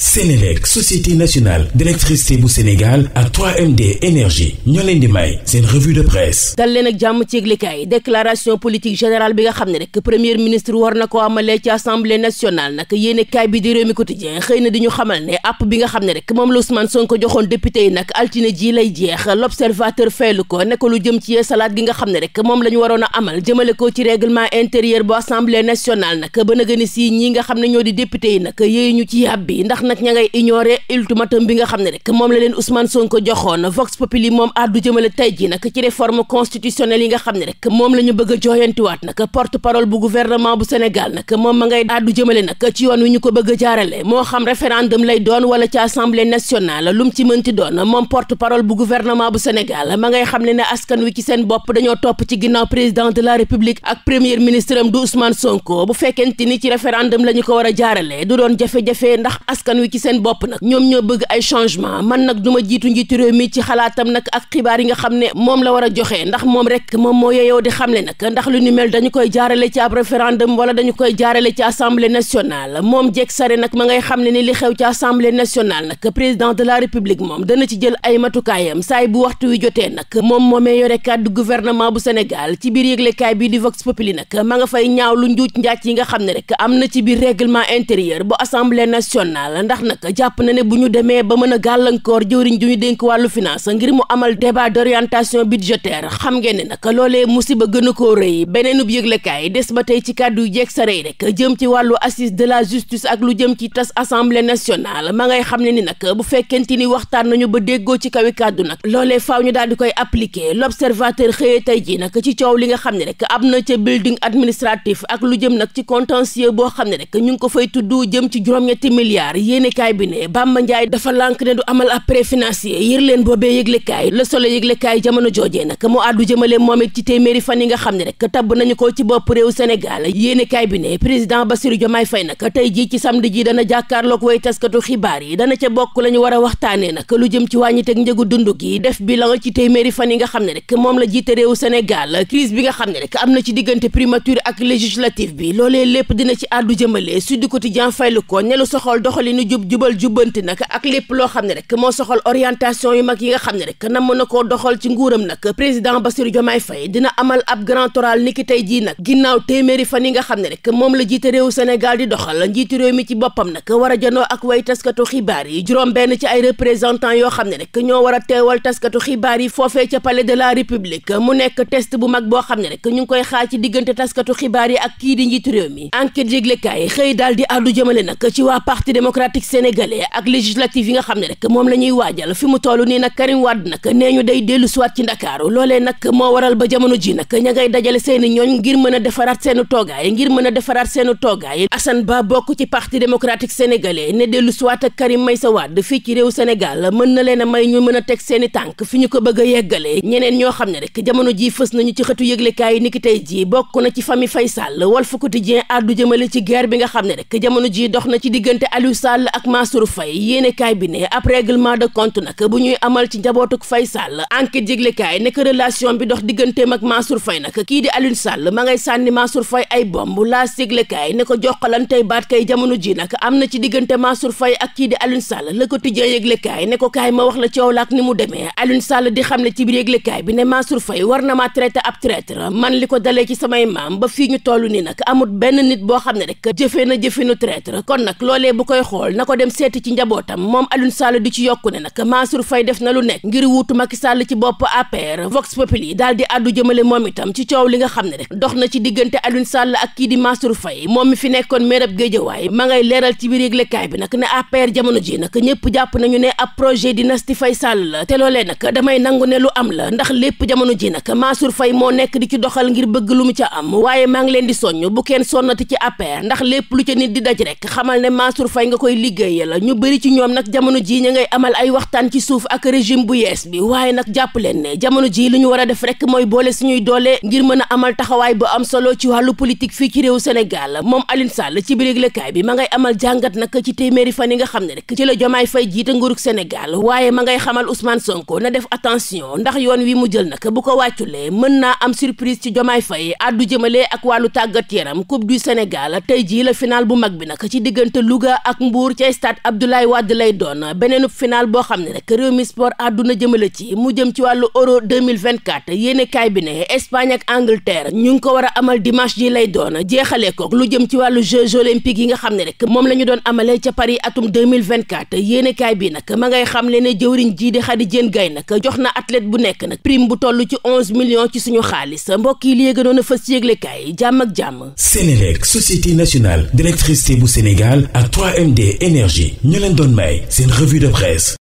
Sénélec société nationale d'électricité bu Sénégal ak 3MD énergie ñoo leen di may seen revue de presse dal leen ak jàmm ci yëglekaay déclaration politique générale bi nga xam ne rek premier ministre war na ko amalee ci assemblée nationale nag yéenekaay bi di Rewmi Quotidien xëy na di ñu xamal ne app bi nga xam ne rek moom la Ousmane ko joxoon député yi nag altine jii lay jeex l'observateur faylu ko ne lu jëm ci salaat gi nga xam ne rek moom la ñu waroon a amal jëmale ko ci règlement intérieur bu assemblée nationale nag na gën si ñi nga xam ne ñoo di député yi nag yéeyu ñu ci yàb ndax nag ña ngay ignorer ultimatum bi nga xam ne rek moom la leen Ousmane Sonko joxoon Vox Populi moom àddu jëmale tey ji nag ci réforme constitutionnelle yi nga xam ne rek moom la ñu bëgg a jooyantiwaat nag porte parole bu gouvernement bu Sénégal nag moom ma ngay àddu jëmale nag ci yoon wi ñu ko bëgg a jaarale moo xam référendum lay doon wala ci assemblée nationale lu mu ci mënti doon moom porte parole bu gouvernement bu Sénégal ma ngay xam ne ne askan wi ci seen bopp dañoo topp ci ginnaaw président de la république ak premier ministre am du Ousmane Sonko bu fekkente ni ci référendum la ñu ko war a jaarale du doon jafe-jafe ndax askan askan wi ci seen bopp nag ñoom ñoo bëgg ay changement man nag du jiitu njiitu réew ci xalaatam nag ak xibaar yi nga xam ne moom la war a joxe ndax moom rek moom moo yeyoo di xamle nag ndax lu ni mel dañu koy jaarale ci ab référendum wala dañu koy jaarale ci assemblée nationale moom Dieg Sare nag ma ngay xam ne ni li xew ci assemblée nationale nag président de la république moom dana ci jël ay matukaayam saay bu waxtu wi jotee nag moom moomee yore kàddu gouvernement bu Sénégal ci biir yëglekaay bii di Vox Populi nag ma nga fay ñaaw lu njuuj njaaj yi nga xam ne rek am na ndax nag jàpp na ne bu ñu demee ba mën a gàllankoor jëwriñ du ñu dénk wàllu finance ngir mu amal débat d'orientation budgétaire xam ngeen ne nag loolee musiba gën a koo beneen beneenub yëglekaay des ba tey ci kàddu yu jeeg sa rëy rek jëm ci wàllu assise de la justice ak lu jëm ci tas assemblée nationale ma ngay xam ne ni nag bu fekkente ni waxtaan nañu ba déggoo ci kawi kàddu nag loolee faaw ñu daal di koy appliquer l'observateur xëyee tey ji nag ci coow li nga xam ne rek am na ca building administratif ak lu jëm nag ci contentieux boo xam ne rek ñu ngi ko fay tudd jëm ci juróom-ñetti milliards yéenekaay bi ne Bamba Ndiaye dafa lànk ci téeméeri jii ci samedi ji way taskatu xibaar yi dana ca bokk la war a waxtaanee nag lu jëm ci wàññiteg njëgu dund gi def bi la nga ci téeméeri fan yi nga xam ne rek moom la jiite réew Sénégal crise bi nga xam ne rek am na ci diggante primature ak législative bi loolee lépp dina ci àddu jëmale Sud Quotidien faylu ko ñelu soxol doxali nu jub jubal jubbanti nag ak lépp loo xam ne rek moo soxal orientation yu mag yi nga xam ne rek mën na koo doxal ci nguuram nag président Bassirou Diomaye Faye dina amal ab grand oral niki tey jii nag ginnaaw téeméeri fan yi nga xam ne rek moom la jiite réew Sénégal di doxal njiitu réew mi ci boppam nag war a janoo ak way taskatu xibaar yi juróom benn ci ay représentant yoo xam ne rek ñoo war a teewal taskatu xibaar yi foofee ca palais de la république mu nekk test bu mag boo xam ne rek ñu ngi koy xaar ci diggante taskatu xibaar yi ak kii di njiitu réew mi enquête yëglekaay xëy daal di àddu démocratique sénégalais ak législative yi nga xam ne rek moom la ñuy waajal fi mu toll nii nag Karim Wade nag nee ñu day dellu suwaat ci ndakaaru loolee nag moo waral ba jamono ji nag ña ngay dajale seeni ñooñ ngir mën a defaraat seenu toogaay ngir mën a defaraat seenu toogaay Assane Ba bokk ci parti démocratique sénégalais ne dellu suwaat ak Karim Meïssa Wade fii ci réew Sénégal mën na leen may ñu mën a teg seeni tànk fi ñu ko bëgg a yeggalee ñeneen ñoo xam ne rek jamono ji fës nañu ci xëtu yëglekaay yi niki tey ji bokk na ci famille Faye Sall Walf Quotidien àddu jëmale ci guerre bi nga xam ne rek jamono Sall ak Mansour Faye yéenekaay bi ne ab règlement de compte nag bu ñuy amal ci njabootuk Faye Sall enquête yëglekaay nekk relation bi dox digganteem ak Mansour fay nag kii di Alioune Sall ma ngay sànni Mansour Faye ay bomb laas yëglekaay ne ko joxalantey baat kay jamono ji nag am na ci diggante Mansour Faye ak kii di Alioune Sall Le Quotidien yëglekaay ne ko kaay ma wax la coow la ak ni mu demee Alioune Sall di xam ne ci biir yëglekaay bi ne Mansour Faye war na maa traité ab traître man li ko dalee ci samay maam ba fii ñu toll nii nag amut benn nit boo xam ne rek jëfee na jëfinu traître kon nag loolee bu koy lool na ko dem seeti ci njabootam moom Alioune Sall di ci yokku ne nag Mansour Faye def na lu nekk ngir wuutu Macky Sall ci bopp APR Vox Populi daal di àddu jëmale moom itam ci coow li nga xam ne rek dox na ci diggante Alioune sàll ak kii di Mansour Faye moom mi fi nekkoon maire ab Guédiawaye ma ngay leeral ci biir yëglekaay bi nag ne APR jamono ji nag ñëpp jàpp nañu ne ab projet dynastie Faye Sall la te loolee nag damay nangu ne lu am la ndax lépp jamono ji nag Mansour Faye moo nekk di ci doxal ngir bëgg lu mu ca am waaye maa ngi leen di soññ bu kenn sonnati ci APR ndax lépp lu ca nit di daj rek xamal ne Mansour Faye nga koy liggéeye la ñu bëri ci ñoom nag jamono ji ñu ngay amal ay waxtaan ci suuf ak régime bu yees bi waaye nag jàpp leen ne jamono ji li ñu war a def rek mooy boole suñuy doole ngir mën a amal taxawaay bu am solo ci wàllu politique fii ci réew Sénégal moom Alioune Sall ci biir lekkaay bi ma ngay amal jàngat nag ci téeméeri fan yi nga xam ne rek ci la jomaay fay jiite nguurug Sénégal waaye ma ngay xamal Ousmane Sonko na def attention ndax yoon wi mu jël nag bu ko wàcculee mën naa am surprise ci jomaay fay addu jëmale ak wàllu tàggat yaram coupe du Sénégal tey jii la final bu mag bi nag ci diggante Louga ak Mbour Mbour ca stade Abdoulaye Wade lay doon beneenub final boo xam ne rek réew mi sport àdduna jëmale ci mu jëm ci wàllu euro 2024 yéene kaay bi ne Espagne ak Angleterre ñu ngi ko war a amal dimanche ji lay doon jeexalee kook lu jëm ci wàllu Jeux olympiques yi nga xam ne rek moom la ñu doon amalee ca Paris atum 2024 yéene kaay bi nag ma ngay xam le ne jëwriñ jii di Khady Diène Gaye nag jox na athlète bu nekk nag prime bu toll ci onze millions ci suñu xaalis mbokk yi léegi doon a fës ci yëglekaay jàmm ak jàmm Sénélec société nationale d'électricité bu Sénégal ak 3 énergie ñu leen doon may seen revue de presse